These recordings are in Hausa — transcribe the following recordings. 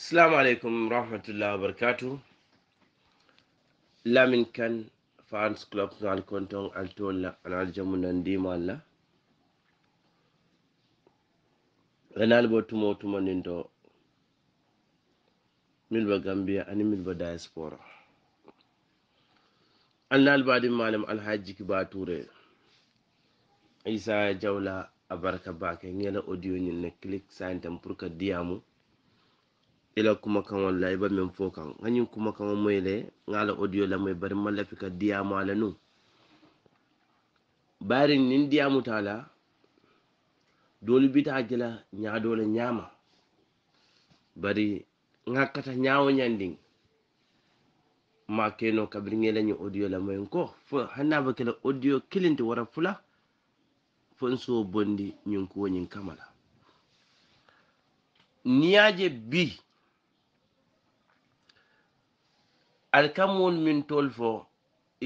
assalamu aleykum rahmatullah wabarakatu lamin kan fans club al konton altolla anal jamu nandima alla enal bo tumo tuma nin to milba gambia ani milba diaspora annal badin malam alhaji kiba toure isa jawla abaraka bake ngela audio ñinne clic sainten pour que diyamu ila kuma kan wallahi ba min fokan hanyin kuma kan mai le ngala audio la mai bari mallafi ka diya mala nu barin nin diya mutala dole bita gila nya dole nyama bari ngakata nyawo nyanding ma keno kabri ngela ni audio la mai ko fo hanna ba kala audio kilinti wara fula fo so bondi nyun ko nyin kamala niyaje bi alkamol min tol fo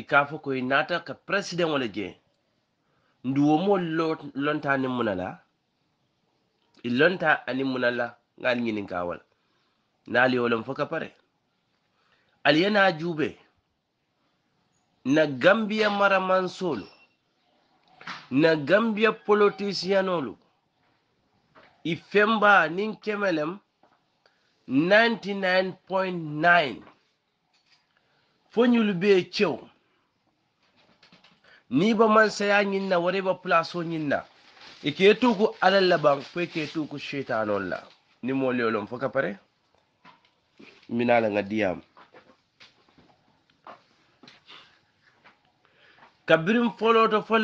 i ka fo ka president wala je mo lonta ni munala la i lonta ani munala ngal ŋa ali ñininka wala naali fo ka pare al yana jube na na gambiya maramansolu na gambiya politisiyanolu i femba niŋ kemelem 99.9 foñulu be cew ni ba man saya na wara ba plaso ñinna e ke tuku alal laban ko ke tuku shaitanol la ni mo lolon foka pare minala nga diyam kabirin foloto fo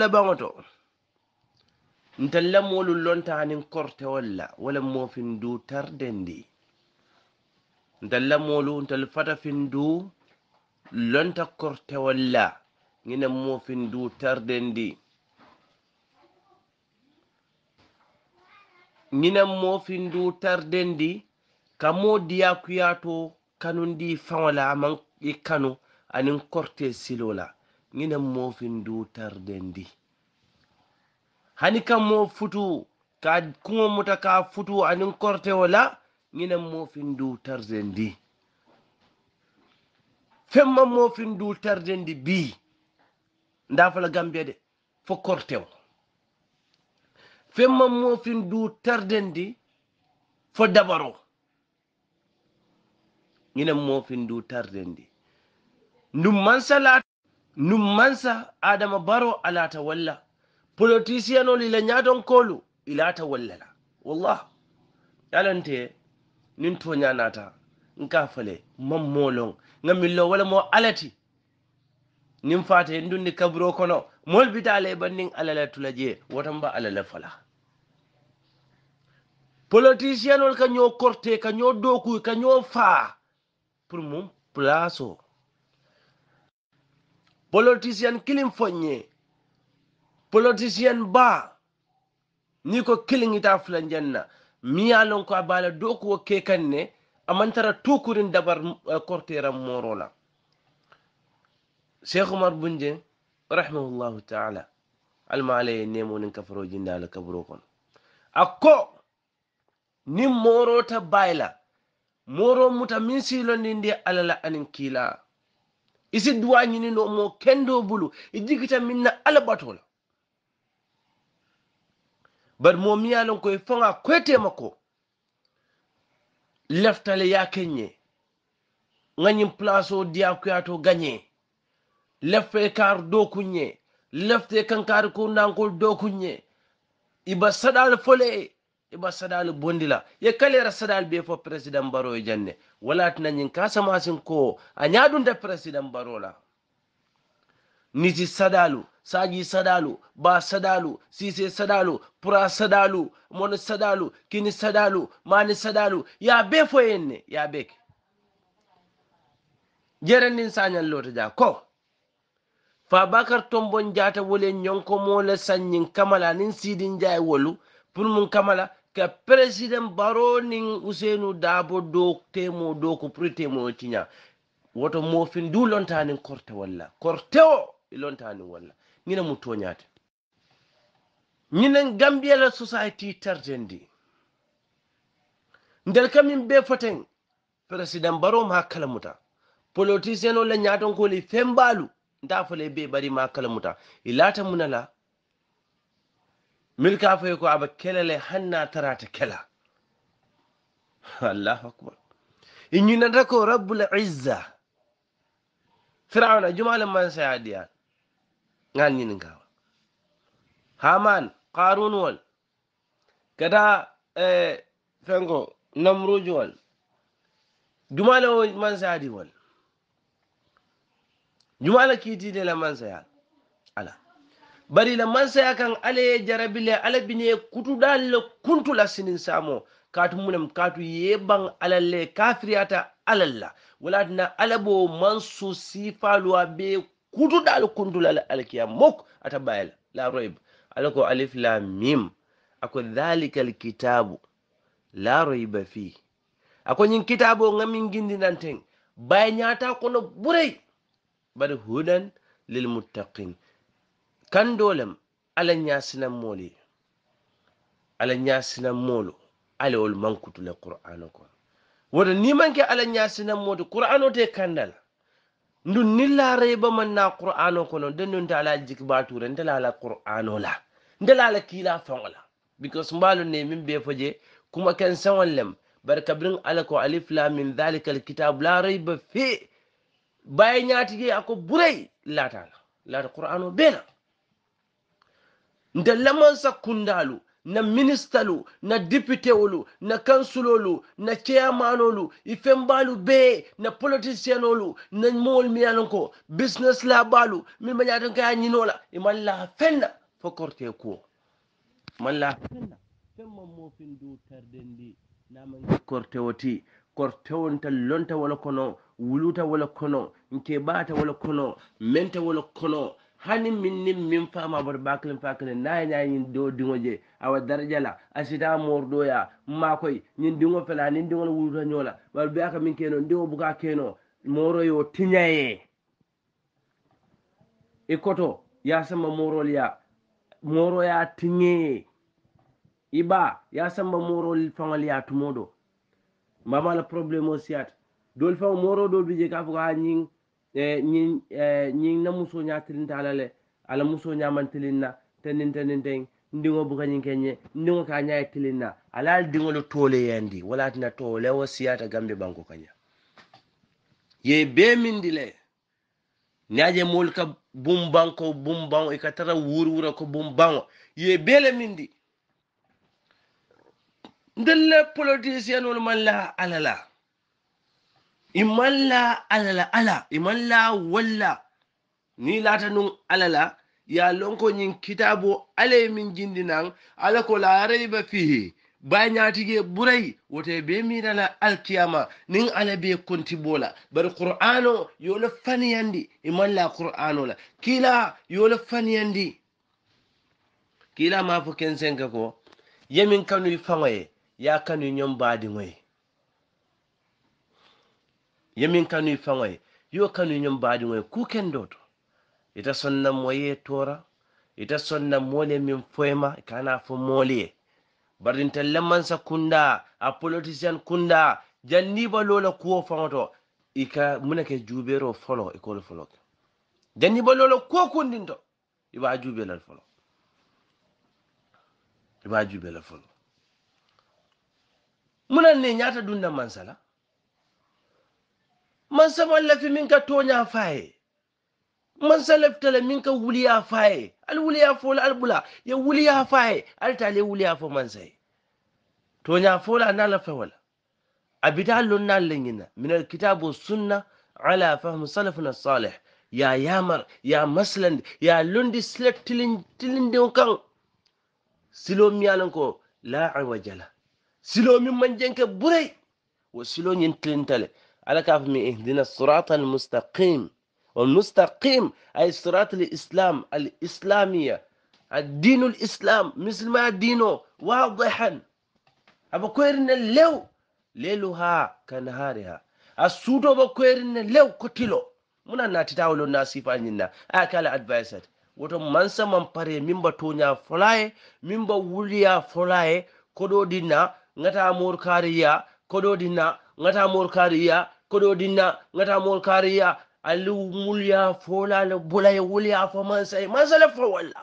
ntalla mo lamolu lontaanin kortewol korte wala mofin du tardendi mo lamolu ntal fata fin du lonta kortewolla ŋina mofin du tardendi ŋina mofin du tardendi kamo diya kuyato kanundi fawala man i kanu anin korte silola ŋina mofin du tardendi hani kamo futu ka kuma muta ka futu korte wala ŋina mofin du tardendi femma mofin dulterde di bi ndafala gambia de fo kortew femma mofin dulterde ndi fo dabaro ñinen mofin dulterde ndi ndum mansa lata ndu mansa adama baro alata walla politicien ol ila ñaton kolu ilata wallala wallah yalante nin toñanata nka fale man molon nga millo wala mo alati nin fata ndundi kabro kaburo kono mol bitale alai bannin alala tulaje watan ba alala fala politicien wal ka ñoo korte ka ñoo doku ka ñoo fa pour mum place o politicien kilim foñe politicien ba ni ko kilin ita fulan janna lon ko abala doku wo ke kan ne amantara tukurin dabar eh, kortiran morola sheikh umar bunje rahimahullahu taala alma nemo nin nemonin kafarojinde ala kaburo kono akko nin ta bayla moro muta min silondinde alala anin kila. isi duwa no mo kendo bulu i minna min na ala mo miyalon fonga kwete mako leftale kenye ŋañin plaso o kuyato ganye leffe kar kunye lefte kankari ko do kunye iba sadal fole iba sadal bondila ye kalera sadal ɓe fo président baro e janne walatinanñin kasa masin ko a president baro la. niji sadalu saji sadalu ba sadalu sise sadalu pura sadalu mono sadalu kini sadalu mani sadalu ya be foyenne ya beke jerendin lote ja ko fa bakar tombon jata wole nyonko mola sanyin kamala nin sidin jaye wolu pour mun kamala ka president baro nin usenu dabo do temo doku pritemo pour woto mofin du lontanin korte walla korte ilontani walla ñinen mu toñaate ñinen gambiela society tartendi ndel kamin be foten président barom ha kalamuta politicien o la ñaatonkoli fembalu nda fole be bari ma kalamuta i laata munala milka foye ko aba kelele hanna tarata kela allahu akbar i ñinata ko rabbul izza firawna jumala man sayadiyan ngal ñinin gawa haman qarun wal kada e eh, fengo namruj wal jumala o man saadi wal jumala kiitide la man saya ala bari la man saya kan ale ye jarabile ale bine la le la sinin samo katu munem katu ye ban alalle kafiriyata alalla wala ala bo man su sifaluwa be alkundu la alkiyam mok ata bayel la royb ala alif la mim ako dhalika alkitabu la royba fi ako ñin kitabu o ngamin gindinanten baye ñata kono ɓuray bar hudan Kan lilmuttaqin kandolem ala ñasinanmoli ala ñasinanmolo alewol mankutule qur'an o kon woto nimanke ala ñasinanmode qur'an o te kandal ndun nillare ba na qur'ano kono den nun ta ala jik bature la ala qur'ano la la ala kila fangola because mbalu ne min be faje kuma ken sawan lem barka bin Alako alif la min dhalika kitab la rayba fi baye nyaati ako buray la. lata qur'ano bena ndella man sakundalu na ministalu na dipitewolu na kansulolu na chairmanolu ifembalu be na politicianolu na mool miyanonko business labalu min mañaton kaya ñinola imalla e fenna fo korte kuwo malla fenna femma mofin dow tardendi naman korte woti korte wonta lonta wala kono wuluta wala kono nke bata wala kono menta wala kono hani min ni min fama bar bakilin fakilin na ya yin do dingo je awa daraja la asita mordo doya ma koy nin dingo fela nin dingo wuta nyola bar be aka min keno dingo buka keno moro yo tinyaye ikoto e ya sama moro ya moro ya tinye iba e ya sama moro fangal ya tumodo mama la problemo siat dol fa moro do bije ka fuka nyin ñin eh, ñin eh, na muso ñatilinta ala le ala muso ñamantilin na tenin tenin ten ndiŋo buka ñiŋ ke ñe ndiŋo ka ñaye tilin na ala al tole tooleyandi wala tina tole wa siyata gambe banko kaña ye bee min le ni aje ka bum banko bum ban e ka tara wura ko bum ban ye bee le mindi ndelle politisiyenolu man la ala la imalla alala ala imalla walla ni latanun alala ya lonko nyin kitabo ale min jindinan ala ko la rayba fihi ba ya tige burai wata be mira na alkiyama nin ala be kunti bola bar qur'ano yola fani yandi la qur'ano la kila yola yandi kila ma fu kensen ko yamin kanu fanwaye ya kanu nyom badi ngoye yamin kanu faŋoye yo kanu ñom baadiŋoye kukendo doto ita sonna moye tora ita sonna mole min foema kana fo bardin tallan lemansa kunda a politician kunda ba lola ko faŋo ika muna ke jubero folo ikolu folo janni ba lola ko kundin to iba jubelal folo iba jubelal folo munan ne ñata dunda mansala man saman lafi min ka tonya faye man salaftala min ka wuliya faye al wuliya la al bula ya wuliya faye al tale wuliya fo man sai tonya la na la fa wala abita lon na lingina min al kitabu sunna ala fahm salafuna salih ya yamar ya maslan ya lundi slet tilin tilin de kan silo miyalan ko la wajala silo min man ka burai wa silo nyin tale Ala ka fi min ihinda suratal mustaqim. Wa mustaqim ayi suratalu islam al'islamiyya. A dinul islam musulmi adino wabaxan. A bakwai irin da Laur. Lelu ha ka na hare ha. A suto bakwai irin da Laur ko Tilo. Munan nati ta wani nasifanin na. Aya kala adviser. Wato mansa man fara min ba tonya falaye, min ba wuliya falaye. Ko ɗo murkariya. Ko ɗo murkariya. kodo dinna ngata mol kariya ali mulya fola le bulay wulya fo man say man sala fa walla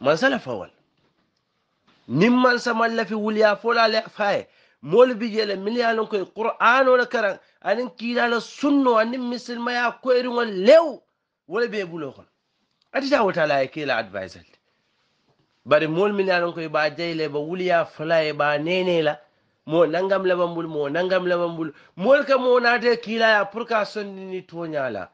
man sala fa wal nim man sama la fi wulya fola le faye mol bi jele milyan ko qur'an wala karan anin kila la sunno anin ma ya ko irin wal lew wala be bulo kon ati ta wata la yake la advisor bari mol milyan ko ba jayle ba wulya fola e ba nene la mo nangam labambul mo nangam labambul mol ka mo naate kiilaya pour ka sonni sondini toñala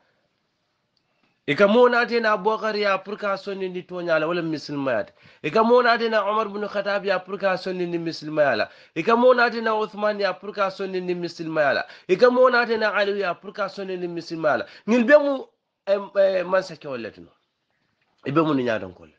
e ka mo naate na bokar ya pour ka sonni sondini toñala wala muslimat e ka mo naate na omar ibn khattab ya pour ka sonni ni muslimala e ka mo naate na uthman ya pour ka sonni ni muslimala e ka mo naate na ali ya pour ka sonni ni muslimala ngil be mu man sa mansakewol letuno e be mu ni no ñatonkolle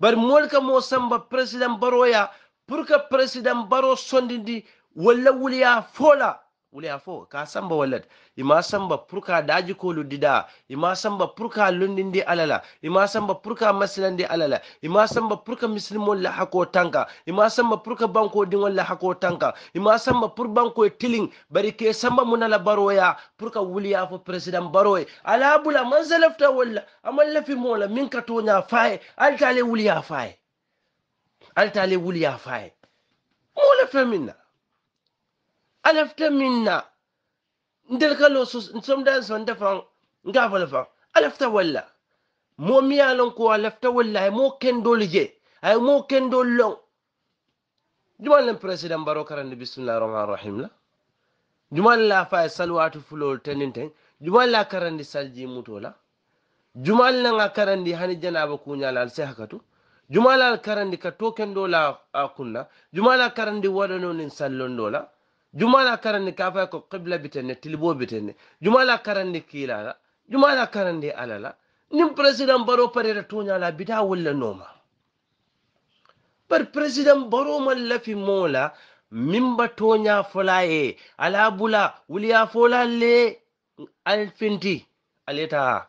bar mol ka mo samba president baroya pour que président baro sondindi walla wuliya fola wuliya fo ka samba i ima samba pour ka daji kolu dida ima samba pour ka lundindi alala ima samba pour ka maslandi alala ima samba pour ka muslimo la hako tanka ima samba pour ka banko dingol la hako tanka ima samba pour banko e tiling bari ke samba munala baroya pour ka wuliya fo president baro e. ala bula man wala walla amal lafi mola min ka tonya faye alkale wuliya faye altale ya faye mole fe minna alefte minna ndel kalo somdan son defan ngafala wala alefta walla mo miyalon ko alefta walla ay mo kendol lije ay mo kendol long le president baro karande bisimillahi rahmani rahim la la faye salwatu fulol tenin ten karan karandi salji muto la jumal nanga karandi hani janaba kuñalal se tu. jumala karandi ka token do la a kunna jumala karandi wada nin sallon do la jumala karandi ka fay qibla bitenne tilibo bitenne jumala karandi kiilala jumala karandi alala nin president baro parira toñala bita walla nooma bar president baro man lafi moola mimba toña fola ye ala bula wuliya fola le alfinti aleta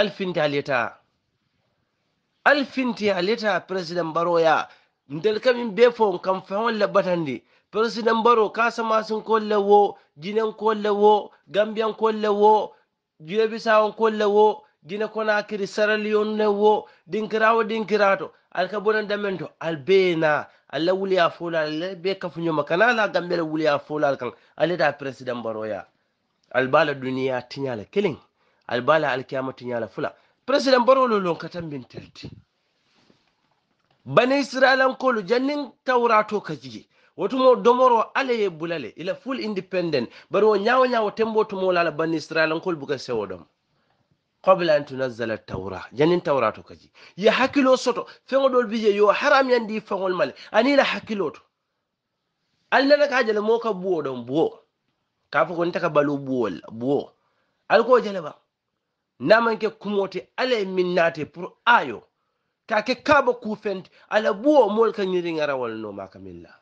alfinti aleta alfinti halita president baroya ndel kamin be fon kam fewon labbatande president baro sama sun kollawo wo kollawo kolle wo gambiyan kolle wo juyebisawon kolle wo gina konakiri saraliyon ne wo dinkirawo dinkirato alka bonan damen to albena alla wuliya fola alla be kafuñoma kana la gambele wuliya folal kan aleta president baroya albala duniya tinyala kelin albala alkiyama tiñala fula president barolo lonkatan bin telti bane isralan kolu jannin tawrato kajige mo domoro ala ye bulale ila full independent bari wo ñawo ñawo tembo tumola ala bani kolu buka sewo dom qabla an tunazzala taura janin taurato to ji ya hakilo soto feŋo dol bije yo haram yandi faŋol male anila hakilo to alnana ka jala mo ka buwo ɗon buwo ka fo ko ntaka balo buwol buwo alko jale ba namanke kumote ala minnate pur ayo ke kaba kufent ala buwo mol ka nyiri wal no makamilla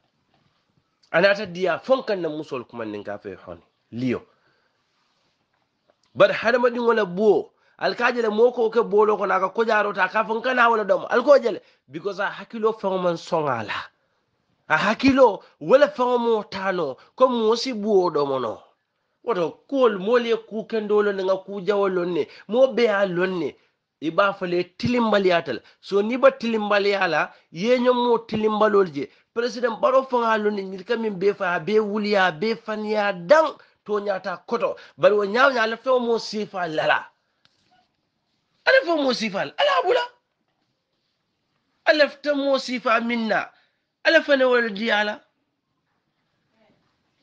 anata diya fonkan na musol kuma nin ka fe hon liyo bar hadama din wala al alkajele moko ke bolo ko naka ko jaro ta ka fonkan wala dom alkojele because a hakilo fonman songala a hakilo wala fonmo tano ko mosi domono wato kol mole ye kuu kendoo loŋ ne jawol loŋ ne moo bee a loŋ ne i b'a fale tilimbaliyata la so n'i ba tilimbaliya ye nyom mo tilimbalol je president baro fanga ni kam min be fa be wuliya be faniya dan to ta koto bari wo nyaaw ñaa la fewo mo sifa lala ala fewo mo sifa la ala bula ala fta mo sifa minna ala fane wala diyala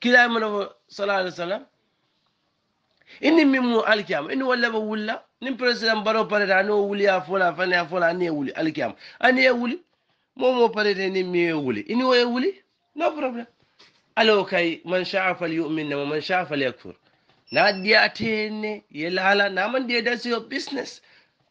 kila mana sallallahu alaihi wasallam ini min mu alkiyama ini wala ba wulla ni president baro da ano wuli a fola fane a fola ani ye wuli alkiyama ani y'a wuli mo mo parede ni min y'a wuli ini wo ye wuli no problem alo kai man sha'a yu'min wa man sha'a yakfur na diya tene ya lala na man diya da yo business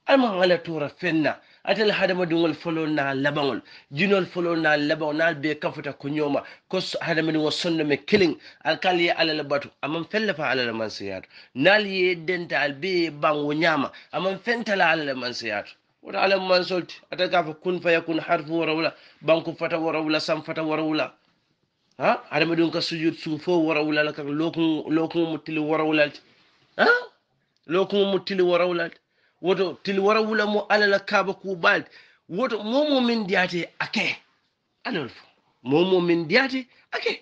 alman ala tura fenna atel hadamadiŋol folo na labaŋol jinol folo na labaŋo naal be kafuta ko ñooma ko hadamadiŋo sonno me kiliŋ alkal ye alla le batu amaŋ feŋ le fa alla le mansiyaato naal ye denta al be ye baŋ wo ñaama amaŋ feŋ tala alla le mansiyaato wota alla mansol ti ata ka fo kun fayakun harfu wo rawla banku fata wo rawla sam fata wo rawla ha hadamadiŋo ka sujud sugu fo wo rawla la ka lokuŋo mu tili wo rawla ti ha lokuŋo mu tili wo rawla ti woto tilwara wula mo alala la kaaba ku balde woto momo min diyate ake alol momo min diyate ake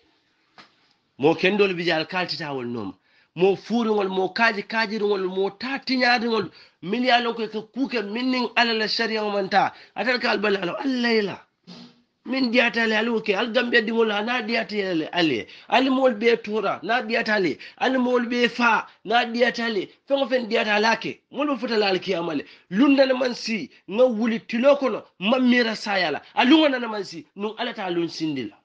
mo kendol biji al kaltitawol nooma mo ngol, mo kaaji ngol, mo ta ngol. min yaalon koye ko kuke min nin ala la sariya o man ta atal kal balalo alo min diyata le ali ke algambe dimol na diyata le ali ali mol be tura na diyata le ali mol be fa na diyata le fen fen diyata lake mol futa la alki amale lundal man si nga wuli tilo kono mamira sayala alunga na man si nun alata lun sindila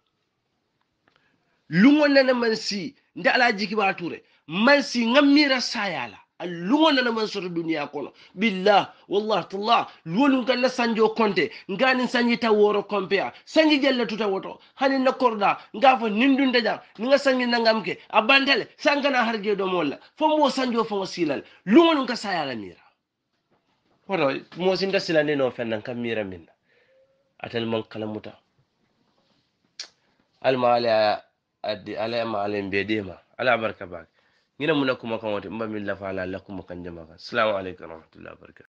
lungo na man si nda ala jiki ba ture man si nga mira sayala allugonana man soto duniya kono billah wallah tallah luwolum kan na sanjo konte ngani sanji ta woro kompeya sanji jelle tuta woto hani nakkorɗa nga nindun nindunde jam nga sanji nangamke ke a bantale sankana har jeeɗo molla fo sanjo fongo silal lugonum ka sayala mira woto mosinta silani no fennan kam mira minna atal man kalamuta alma ala adi ala ma ala mbedema ala barka bake ñina muna kuma kan wote mba min lafa ala la kan jama kan assalamu alaikum warahmatullahi